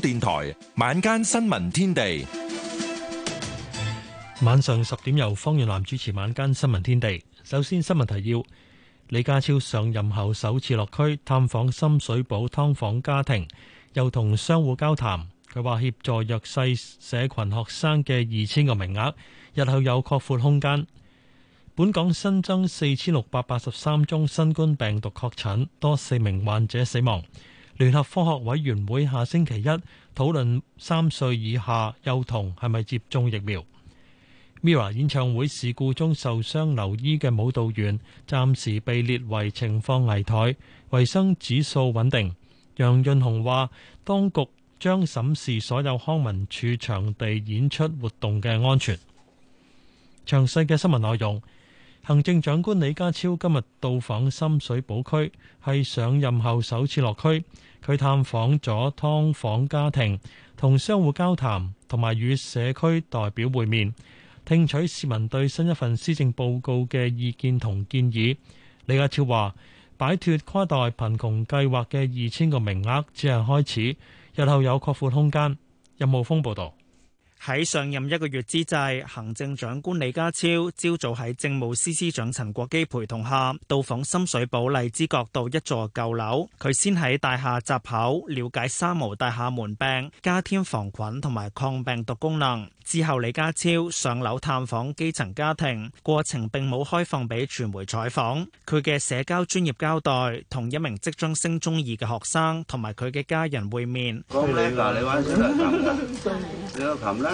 電台晚間新聞天地，晚上十點由方圓南主持晚間新聞天地。首先，新聞提要：李家超上任後首次落區探訪深水埗劏房家庭，又同商戶交談。佢話協助弱勢社群學生嘅二千個名額，日後有擴闊空間。本港新增四千六百八十三宗新冠病毒確診，多四名患者死亡。聯合科學委員會下星期一討論三歲以下幼童係咪接種疫苗。MIRROR 演唱會事故中受傷留醫嘅舞蹈員暫時被列為情況危殆，衞生指數穩定。楊潤雄話：當局將審視所有康文署場地演出活動嘅安全。詳細嘅新聞內容，行政長官李家超今日到訪深水埗區，係上任後首次落區。佢探訪咗劏房家庭，同商戶交談，同埋與社區代表會面，聽取市民對新一份施政報告嘅意見同建議。李家超話：擺脫跨代貧窮計劃嘅二千個名額只係開始，日後有擴闊空間。任浩峯報導。喺上任一個月之際，行政長官李家超朝早喺政務司司長陳國基陪同下，到訪深水埗荔枝角道一座舊樓。佢先喺大廈閘口了解三無大廈門病、加添防菌同埋抗病毒功能。之後，李家超上樓探訪基層家庭，過程並冇開放俾傳媒採訪。佢嘅社交專業交代同一名即將升中二嘅學生同埋佢嘅家人會面。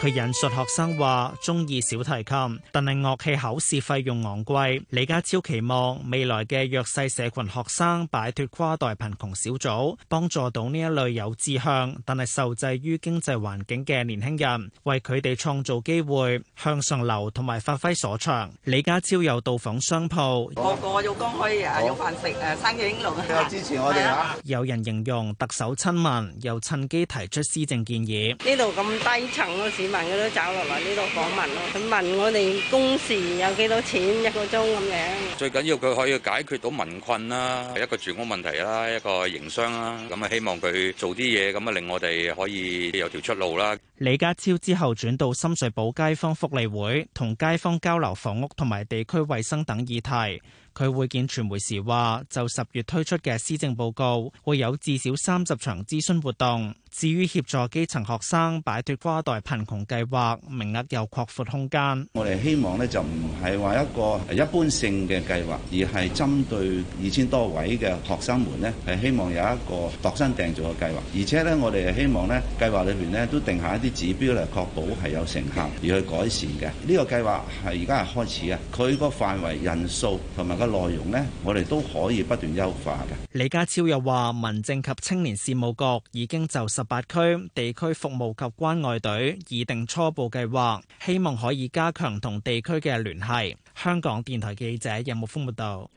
佢引述學生話：鍾意小提琴，但係樂器考試費用昂貴。李家超期望未來嘅弱勢社群學生擺脫跨代貧窮小組，幫助到呢一類有志向但係受制於經濟環境嘅年輕人，為佢哋創造機會向上流同埋發揮所長。李家超又到訪商鋪，個個有工開，有飯食，誒生意興隆啊！支持我哋啊！有人形容特首親民，又趁機提出施政建議。呢度咁低層嘅事。佢都走落嚟呢度訪問咯，佢問我哋工時有幾多錢一個鐘咁樣。最緊要佢可以解決到民困啦，一個住屋問題啦，一個營商啦，咁啊希望佢做啲嘢，咁啊令我哋可以有條出路啦。李家超之後轉到深水埗街坊福利會，同街坊交流房屋同埋地區衞生等議題。佢會見傳媒時話，就十月推出嘅施政報告，會有至少三十場諮詢活動。至於協助基層學生擺脱跨代貧窮計劃，名額又擴闊空間。我哋希望呢就唔係話一個一般性嘅計劃，而係針對二千多位嘅學生們呢，係希望有一個度身訂造嘅計劃。而且呢，我哋希望呢計劃裏邊呢都定下一啲指標嚟確保係有成效，而去改善嘅。呢個計劃係而家係開始呀，佢個範圍、人數同埋個內容呢，我哋都可以不斷優化嘅。李家超又話：民政及青年事務局已經就十八區地區服務及關愛隊擬定初步計劃，希望可以加強同地區嘅聯繫。香港電台記者任木峯報道。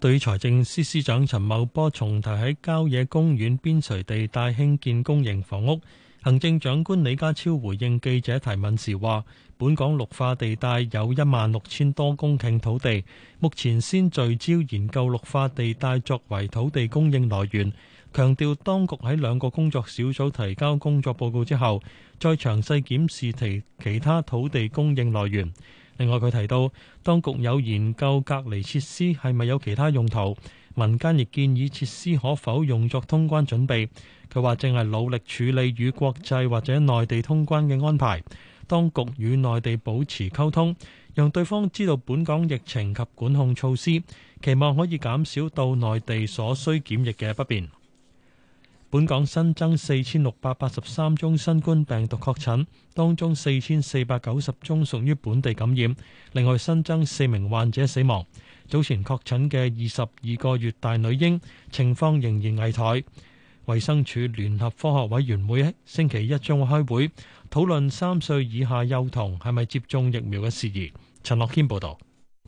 對財政司司長陳茂波重提喺郊野公園邊陲地帶興建公營房屋，行政長官李家超回應記者提問時話：本港綠化地帶有一萬六千多公頃土地，目前先聚焦研究綠化地帶作為土地供應來源。強調，當局喺兩個工作小組提交工作報告之後，再詳細檢視其其他土地供應來源。另外，佢提到當局有研究隔離設施係咪有其他用途，民間亦建議設施可否用作通關準備。佢話正係努力處理與國際或者內地通關嘅安排，當局與內地保持溝通，讓對方知道本港疫情及管控措施，期望可以減少到內地所需檢疫嘅不便。本港新增四千六百八十三宗新冠病毒確診，當中四千四百九十宗屬於本地感染，另外新增四名患者死亡。早前確診嘅二十二個月大女嬰情況仍然危殆。衛生署聯合科學委員會星期一將會開會討論三歲以下幼童係咪接種疫苗嘅事宜。陳樂謙報道。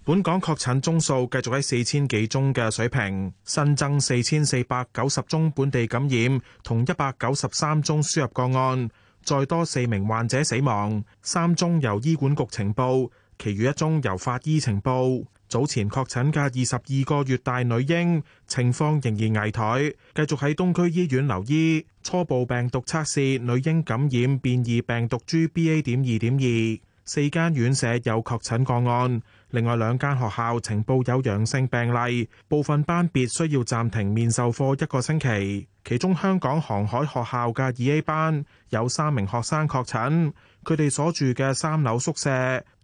本港確診宗數繼續喺四千幾宗嘅水平，新增四千四百九十宗本地感染，同一百九十三宗輸入個案，再多四名患者死亡，三宗由醫管局情報，其餘一宗由法醫情報。早前確診嘅二十二個月大女嬰情況仍然危殆，繼續喺東區醫院留醫，初步病毒測試女嬰感染變異病毒株 BA 點二點二，四間院舍有確診個案。另外兩間學校呈報有陽性病例，部分班別需要暫停面授課一個星期。其中香港航海學校嘅二 A 班有三名學生確診，佢哋所住嘅三樓宿舍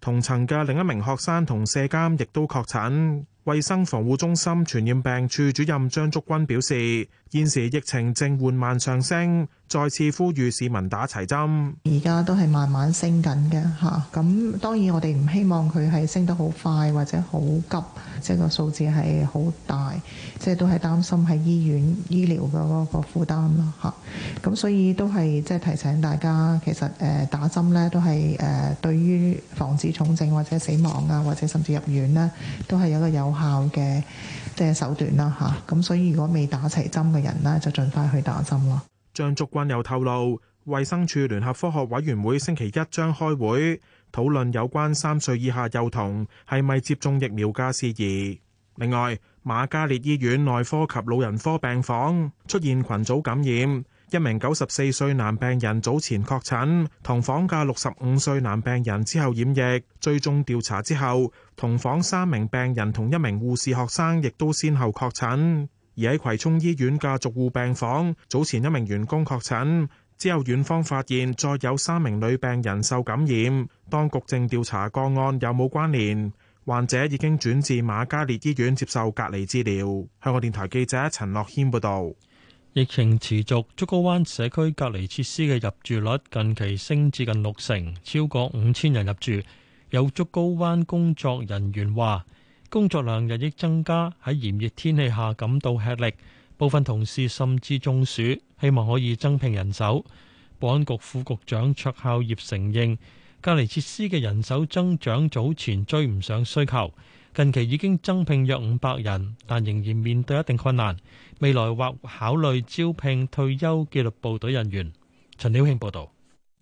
同層嘅另一名學生同舍監亦都確診。衛生防護中心傳染病處主任張竹君表示，現時疫情正緩慢上升，再次呼籲市民打齊針。而家都係慢慢升緊嘅吓，咁當然我哋唔希望佢係升得好快或者好急，即係個數字係好大，即係都係擔心喺醫院醫療嗰個。個負擔咯嚇，咁所以都係即係提醒大家，其實誒打針咧都係誒對於防止重症或者死亡啊，或者甚至入院呢，都係一個有效嘅即手段啦嚇。咁所以如果未打齊針嘅人呢，就盡快去打針咯。張竹君又透露，衛生署聯合科學委員會星期一將開會討論有關三歲以下幼童係咪接種疫苗嘅事宜。另外，瑪嘉烈醫院內科及老人科病房出現群組感染，一名九十四歲男病人早前確診，同房嘅六十五歲男病人之後染疫，追蹤調查之後，同房三名病人同一名護士學生亦都先後確診。而喺葵涌醫院嘅續護病房，早前一名員工確診之後，院方發現再有三名女病人受感染，當局正調查個案有冇關聯。患者已經轉至瑪嘉烈醫院接受隔離治療。香港電台記者陳樂軒報導，疫情持續，竹篙灣社區隔離設施嘅入住率近期升至近六成，超過五千人入住。有竹篙灣工作人員話，工作量日益增加，喺炎熱天氣下感到吃力，部分同事甚至中暑。希望可以增聘人手。保安局副局長卓孝業承認，隔離設施嘅人手增長早前追唔上需求，近期已經增聘約五百人，但仍然面對一定困難。未來或考慮招聘退休紀律部隊人員。陳曉慶報道，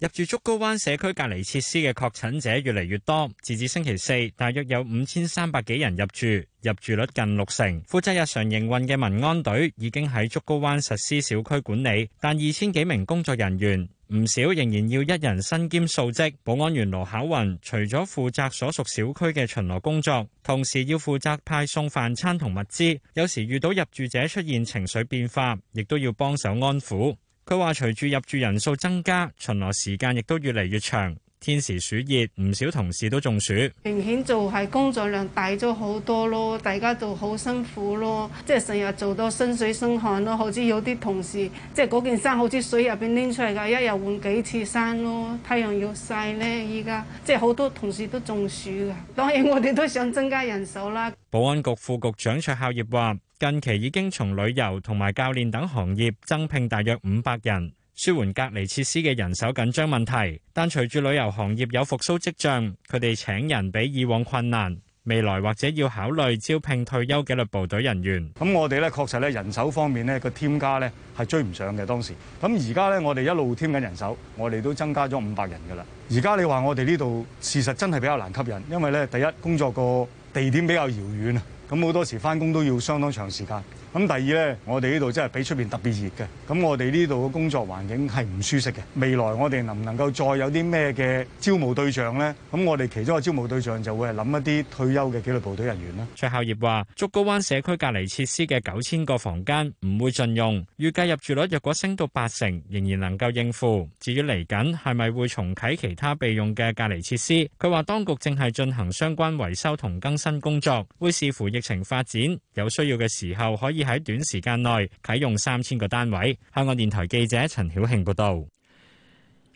入住竹篙灣社區隔離設施嘅確診者越嚟越多，截至星期四，大約有五千三百幾人入住，入住率近六成。負責日常營運嘅民安隊已經喺竹篙灣實施小區管理，但二千幾名工作人員。唔少仍然要一人身兼數職，保安員羅巧雲除咗負責所屬小區嘅巡邏工作，同時要負責派送飯餐同物資，有時遇到入住者出現情緒變化，亦都要幫手安撫。佢話隨住入住人數增加，巡邏時間亦都越嚟越長。天時暑熱，唔少同事都中暑。明顯就係工作量大咗好多咯，大家就好辛苦咯，即係成日做到身水身汗咯。好似有啲同事，即係嗰件衫好似水入邊拎出嚟噶，一日換幾次衫咯。太陽要曬呢，依家即係好多同事都中暑噶。當然我哋都想增加人手啦。保安局副局長卓孝業話，近期已經從旅遊同埋教練等行業增聘大約五百人。舒緩隔離設施嘅人手緊張問題，但隨住旅遊行業有復甦跡象，佢哋請人比以往困難。未來或者要考慮招聘退休紀律部隊人員。咁我哋咧確實咧人手方面咧個添加咧係追唔上嘅。當時。咁而家咧我哋一路添緊人手，我哋都增加咗五百人㗎啦。而家你話我哋呢度事實真係比較難吸引，因為咧第一工作個地點比較遙遠啊，咁好多時返工都要相當長時間。咁第二咧，我哋呢度真係比出邊特別熱嘅，咁我哋呢度嘅工作環境係唔舒適嘅。未來我哋能唔能夠再有啲咩嘅招募對象咧？咁我哋其中嘅招募對象就會係諗一啲退休嘅紀律部隊人員啦。卓孝業話：竹篙灣社區隔離設施嘅九千個房間唔會盡用，預計入住率若果升到八成，仍然能夠應付。至於嚟緊係咪會重啟其他備用嘅隔離設施？佢話：當局正係進行相關維修同更新工作，會視乎疫情發展，有需要嘅時候可以，喺短時間內啟用三千個單位。香港電台記者陳曉慶報道。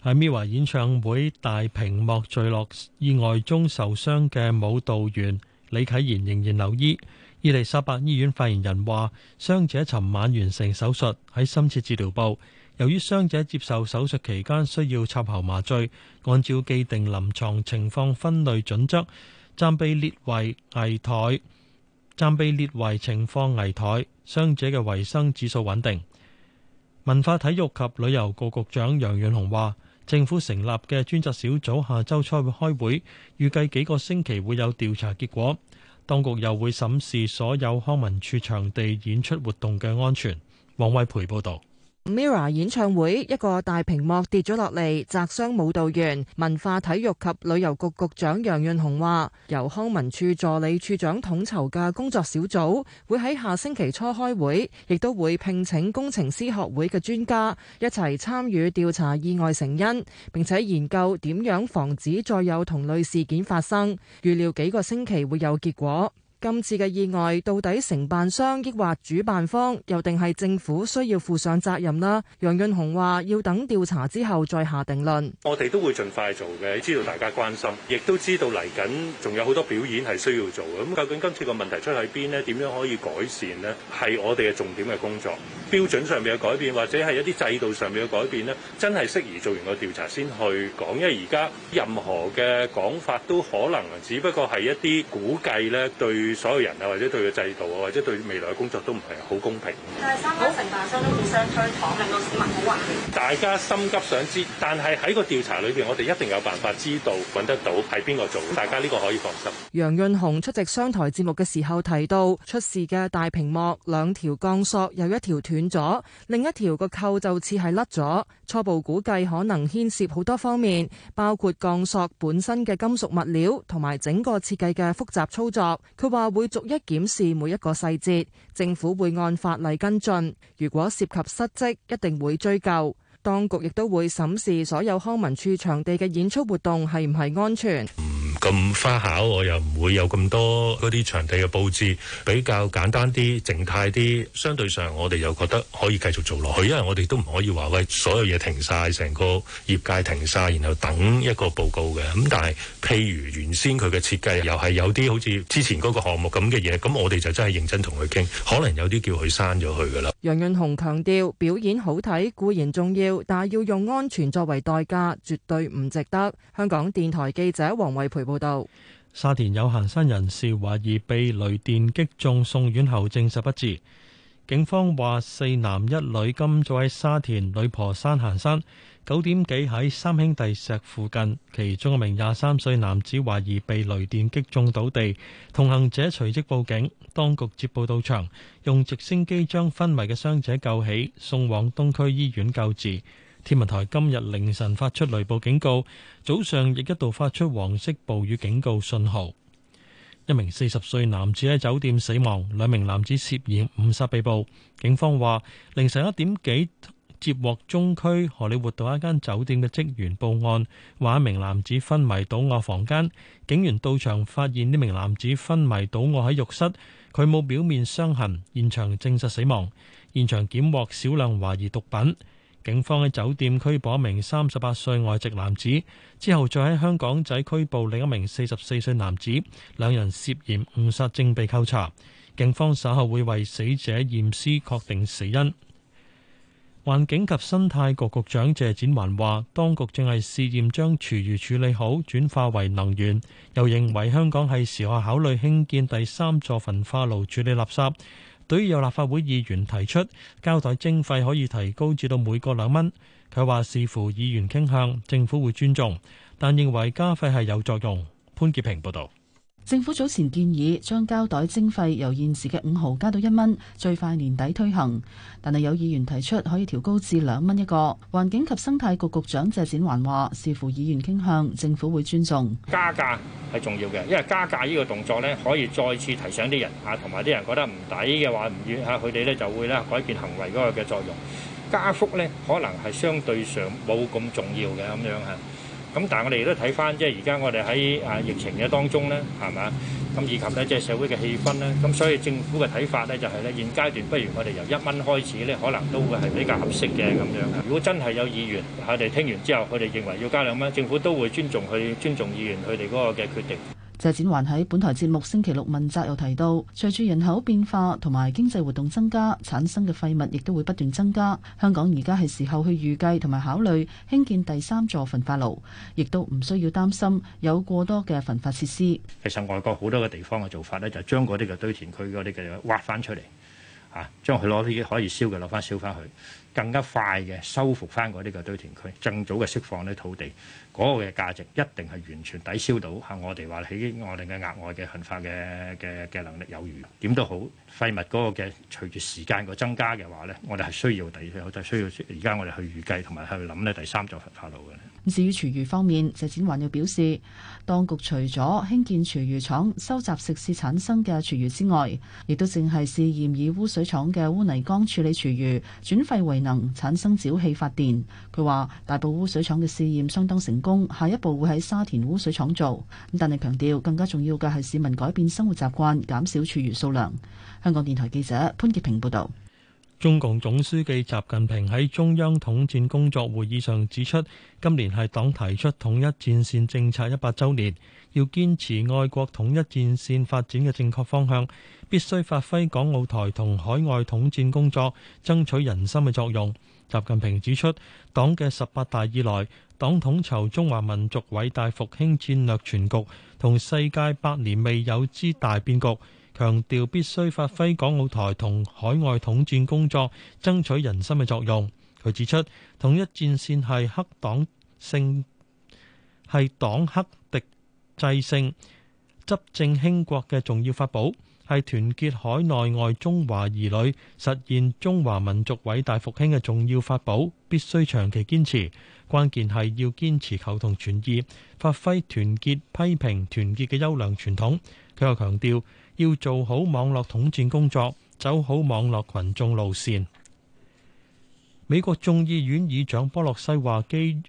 喺 Mirror 演唱會大屏幕墜落意外中受傷嘅舞蹈員李啟賢仍然留醫。伊麗莎白醫院發言人話傷者尋晚完成手術，喺深切治療部。由於傷者接受手術期間需要插喉麻醉，按照既定臨床情況分類準則暫被列為危殆。暫被列為情況危殆，傷者嘅維生指數穩定。文化體育及旅遊局局長楊潤雄話，政府成立嘅專責小組下周初會開會，預計幾個星期會有調查結果。當局又會審視所有康文署場地演出活動嘅安全。王偉培報道。MIRROR 演唱會一個大屏幕跌咗落嚟，砸傷舞蹈員。文化體育及旅遊局局長楊潤雄話，由康文署助理署長統籌嘅工作小組會喺下星期初開會，亦都會聘請工程師學會嘅專家一齊參與調查意外成因，並且研究點樣防止再有同類事件發生。預料幾個星期會有結果。今次嘅意外到底承辦商抑或主辦方，又定係政府需要負上責任啦？楊潤雄話：要等調查之後再下定論。我哋都會盡快做嘅，知道大家關心，亦都知道嚟緊仲有好多表演係需要做嘅。咁究竟今次個問題出喺邊咧？點樣可以改善咧？係我哋嘅重點嘅工作標準上面嘅改變，或者係一啲制度上面嘅改變咧，真係適宜做完個調查先去講。因為而家任何嘅講法都可能，只不過係一啲估計咧，對。所有人啊，或者對個制度啊，或者對未來嘅工作都唔係好公平。但係好成萬雙都互相推搪，令到市民好煩。大家心急想知，但係喺個調查裏邊，我哋一定有辦法知道揾得到係邊個做。大家呢個可以放心。嗯、楊潤雄出席商台節目嘅時候提到，出事嘅大屏幕，兩條鋼索有一條斷咗，另一條個扣就似係甩咗。初步估計可能牽涉好多方面，包括鋼索本身嘅金屬物料同埋整個設計嘅複雜操作。佢話。會逐一檢視每一個細節，政府會按法例跟進，如果涉及失職，一定會追究。當局亦都會審視所有康文署場地嘅演出活動係唔係安全。咁花巧，我又唔會有咁多嗰啲場地嘅佈置，比較簡單啲，靜態啲，相對上我哋又覺得可以繼續做落去，因為我哋都唔可以話喂，所有嘢停晒，成個業界停晒，然後等一個報告嘅。咁，但係譬如原先佢嘅設計又係有啲好似之前嗰個項目咁嘅嘢，咁，我哋就真係認真同佢傾可能有啲叫佢刪咗佢噶啦。楊潤雄強調，表演好睇固然重要，但係要用安全作為代價，絕對唔值得。香港電台記者黃慧培。沙田有行山人士懷疑被雷電擊中，送院後證實不治。警方話，四男一女今早喺沙田女婆山行山，九點幾喺三兄弟石附近，其中一名廿三歲男子懷疑被雷電擊中倒地，同行者隨即報警，當局接報到場，用直升機將昏迷嘅傷者救起，送往東區醫院救治。天文台今日凌晨發出雷暴警告，早上亦一度發出黃色暴雨警告信號。一名四十歲男子喺酒店死亡，兩名男子涉嫌誤殺被捕。警方話，凌晨一點幾接獲中區荷里活道一間酒店嘅職員報案，話一名男子昏迷倒臥房間。警員到場發現呢名男子昏迷倒臥喺浴室，佢冇表面傷痕，現場證實死亡。現場檢獲少量懷疑毒品。警方喺酒店拘捕一名三十八歲外籍男子，之後再喺香港仔拘捕另一名四十四歲男子，兩人涉嫌誤殺，正被扣查。警方稍後會為死者驗屍，確定死因。環境及生態局局長謝展寰話，當局正係試驗將廚餘處理好，轉化為能源，又認為香港係時候考慮興建第三座焚化爐處理垃圾。對於有立法會議員提出膠袋徵費可以提高至到每個兩蚊，佢話視乎議員傾向，政府會尊重，但認為加費係有作用。潘潔平報導。政府早前建議將膠袋徵費由現時嘅五毫加到一蚊，最快年底推行。但係有議員提出可以調高至兩蚊一個。環境及生態局局長謝展寰話：視乎議員傾向，政府會尊重。加價係重要嘅，因為加價呢個動作咧可以再次提醒啲人啊，同埋啲人覺得唔抵嘅話唔願嚇，佢哋咧就會咧改變行為嗰個嘅作用。加幅咧可能係相對上冇咁重要嘅咁樣嚇。咁但係我哋都睇翻，即係而家我哋喺啊疫情嘅當中咧，係嘛？咁以及咧即係社會嘅氣氛咧，咁所以政府嘅睇法咧就係、是、咧，現階段不如我哋由一蚊開始咧，可能都會係比較合適嘅咁樣。如果真係有議員，我哋聽完之後，佢哋認為要加兩蚊，政府都會尊重佢，尊重議員佢哋嗰個嘅決定。謝展環喺本台節目星期六問責又提到，隨住人口變化同埋經濟活動增加產生嘅廢物亦都會不斷增加。香港而家係時候去預計同埋考慮興建第三座焚化爐，亦都唔需要擔心有過多嘅焚化設施。其實外國好多嘅地方嘅做法呢，就將嗰啲嘅堆填區嗰啲嘅挖翻出嚟。啊！將佢攞啲可以燒嘅攞翻燒翻去，更加快嘅修復翻嗰啲嘅堆填區，更早嘅釋放呢土地嗰、嗰個嘅價值一定係完全抵消到嚇。我哋話喺我哋嘅額外嘅焚化嘅嘅嘅能力有餘，點都好廢物嗰個嘅隨住時間個增加嘅話咧，我哋係需要第二，我哋需要而家我哋去預計同埋去諗咧第三座焚化爐嘅。至於廚餘方面，謝展寰又表示，當局除咗興建廚餘廠收集食肆產生嘅廚餘之外，亦都淨係試驗以污水廠嘅污泥缸處理廚餘，轉廢為能，產生沼氣發電。佢話：大埔污水廠嘅試驗相當成功，下一步會喺沙田污水廠做。但係強調，更加重要嘅係市民改變生活習慣，減少廚餘數量。香港電台記者潘潔平報道。中共總書記習近平喺中央統戰工作會議上指出，今年係黨提出統一戰線政策一百周年，要堅持愛國統一戰線發展嘅正確方向，必須發揮港澳台同海外統戰工作爭取人心嘅作用。習近平指出，黨嘅十八大以來，黨統籌中華民族偉大復興戰略全局同世界百年未有之大變局。強調必須發揮港澳台同海外統戰工作，爭取人心嘅作用。佢指出，統一戰線係克黨性係黨克敵制勝、執政興國嘅重要法寶，係團結海內外中華兒女，實現中華民族偉大復興嘅重要法寶，必須長期堅持。關鍵係要堅持求同存異，發揮團結、批評、團結嘅優良傳統。佢又強調，要做好網絡統戰工作，走好網絡羣眾路線。美國眾議院議長波洛西話，基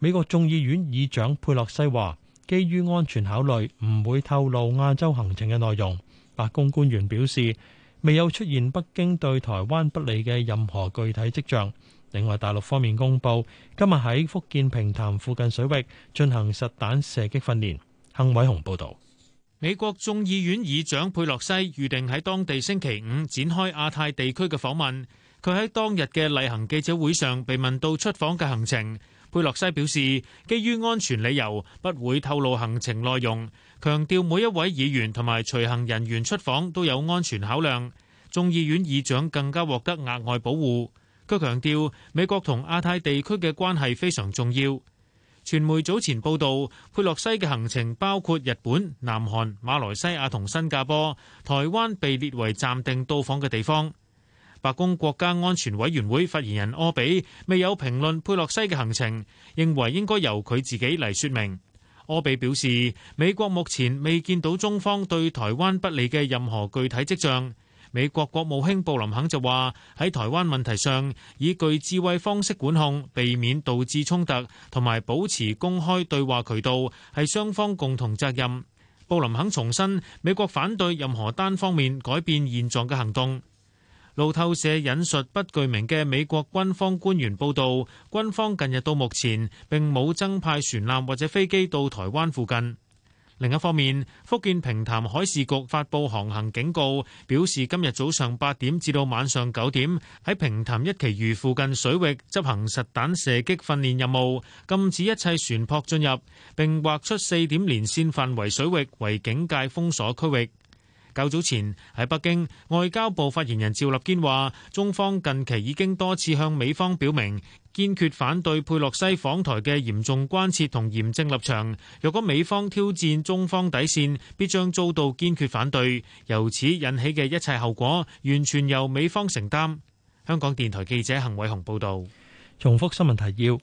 美國眾議院議長佩洛西話，基於安全考慮，唔會透露亞洲行程嘅內容。白宮官員表示，未有出現北京對台灣不利嘅任何具體跡象。另外，大陸方面公布，今日喺福建平潭附近水域進行實彈射擊訓練。幸偉雄報導。美國眾議院議長佩洛西預定喺當地星期五展開亞太地區嘅訪問。佢喺當日嘅例行記者會上被問到出訪嘅行程，佩洛西表示，基於安全理由，不會透露行程內容，強調每一位議員同埋隨行人員出訪都有安全考量。眾議院議長更加獲得額外保護。佢強調，美國同亞太地區嘅關係非常重要。傳媒早前報道，佩洛西嘅行程包括日本、南韓、馬來西亞同新加坡，台灣被列為暫定到訪嘅地方。白宮國家安全委員會發言人柯比未有評論佩洛西嘅行程，認為應該由佢自己嚟説明。柯比表示，美國目前未見到中方對台灣不利嘅任何具體跡象。美國國務卿布林肯就話，喺台灣問題上，以具智慧方式管控，避免導致衝突，同埋保持公開對話渠道，係雙方共同責任。布林肯重申，美國反對任何單方面改變現狀嘅行動。路透社引述不具名嘅美國軍方官員報道，軍方近日到目前並冇增派船艦或者飛機到台灣附近。另一方面，福建平潭海事局發佈航行警告，表示今日早上八點至到晚上九點，喺平潭一期漁附近水域執行實彈射擊訓練任務，禁止一切船舶進入，並劃出四點連線範圍水域為警戒封鎖區域。較早前喺北京，外交部發言人趙立堅話，中方近期已經多次向美方表明。堅決反對佩洛西訪台嘅嚴重關切同嚴正立場。若果美方挑戰中方底線，必將遭到堅決反對。由此引起嘅一切後果，完全由美方承擔。香港電台記者恆偉雄報道。重複新聞提要：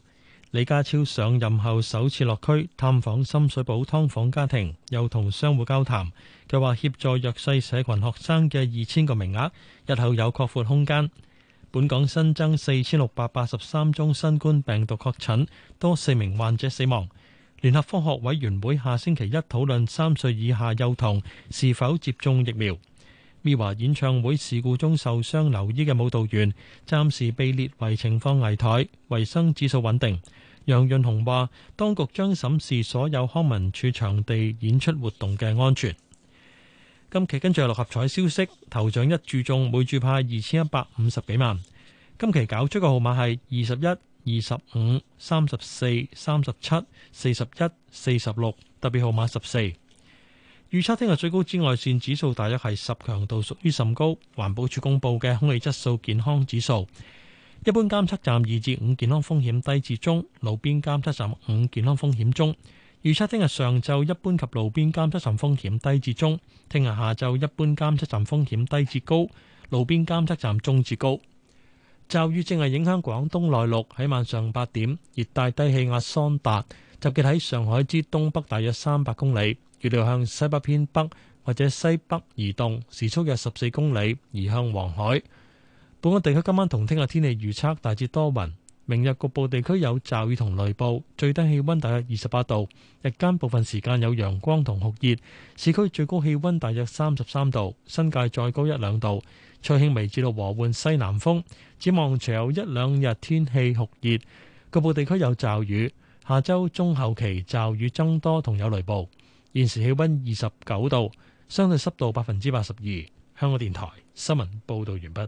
李家超上任後首次落區探訪深水埗劏房家庭，又同商戶交談。佢話協助弱勢社群學生嘅二千個名額，日後有擴闊空間。本港新增四千六百八十三宗新冠病毒確診，多四名患者死亡。聯合科學委員會下星期一討論三歲以下幼童是否接種疫苗。MIRROR 演唱會事故中受傷留醫嘅舞蹈員暫時被列為情況危殆，衛生指數穩定。楊潤雄話，當局將審視所有康文署場地演出活動嘅安全。今期跟住係六合彩消息，頭獎一注中，每注派二千一百五十幾萬。今期搞出個號碼係二十一、二十五、三十四、三十七、四十一、四十六，特別號碼十四。預測聽日最高紫外線指數大約係十，強度屬於甚高。環保署公布嘅空氣質素健康指數，一般監測站二至五健康風險低至中，路邊監測站五健康風險中。預測聽日上晝一般及路邊監測站風險低至中，聽日下晝一般監測站風險低至高，路邊監測站中至高。驟雨正係影響廣東內陸，喺晚上八點，熱帶低氣壓桑達集結喺上海之東北大約三百公里，預料向西北偏北或者西北移動，時速約十四公里，移向黃海。本港地區今晚同聽日天氣預測大致多雲。明日局部地區有驟雨同雷暴，最低氣溫大約二十八度，日間部分時間有陽光同酷熱，市區最高氣溫大約三十三度，新界再高一兩度。吹輕微至到和緩西南風，展望除有一兩日天氣酷熱，局部地區有驟雨，下周中後期驟雨增多同有雷暴。現時氣溫二十九度，相對濕度百分之八十二。香港電台新聞報道完畢。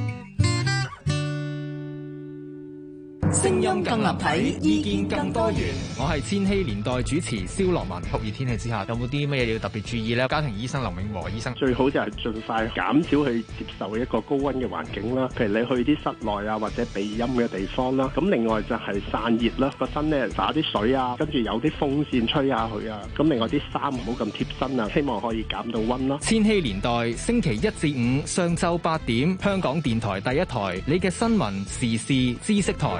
聲音更立體，意見更多元。我係千禧年代主持蕭羅文。酷熱天氣之下，有冇啲咩嘢要特別注意呢？家庭醫生林永和醫生，最好就係盡快減少去接受一個高溫嘅環境啦。譬如你去啲室內啊，或者避陰嘅地方啦。咁另外就係散熱啦，個身咧灑啲水啊，跟住有啲風扇吹下佢啊。咁另外啲衫唔好咁貼身啊，希望可以減到溫咯。千禧年代星期一至五上晝八點，香港電台第一台，你嘅新聞時事知識台。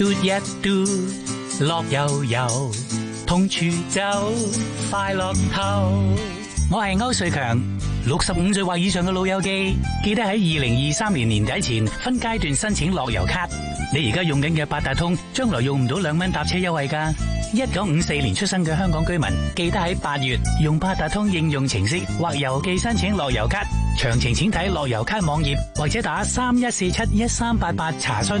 嘟一嘟，樂悠悠，通處走，快樂透。我係歐瑞強，六十五歲或以上嘅老友記，記得喺二零二三年年底前分階段申請樂悠咭。你而家用緊嘅八達通，將來用唔到兩蚊搭車優惠㗎。一九五四年出生嘅香港居民，記得喺八月用八達通應用程式或郵寄申請樂悠咭。詳情請睇樂悠咭網頁或者打三一四七一三八八查詢。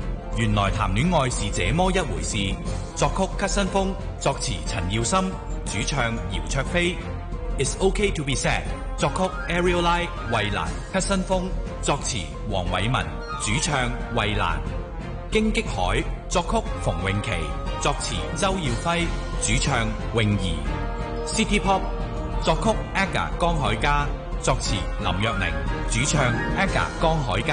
原來談戀愛是這麼一回事。作曲屈新峯，作詞陳耀森，主唱姚卓菲。It's OK to be sad。作曲 Ariel Lai、衛蘭、屈新峯，作詞黃偉文，主唱衛蘭。荊棘海。作曲馮穎琪，作詞周耀輝，主唱泳兒。City Pop。作曲 Aga 江海迦，作詞林若寧，主唱 Aga 江海。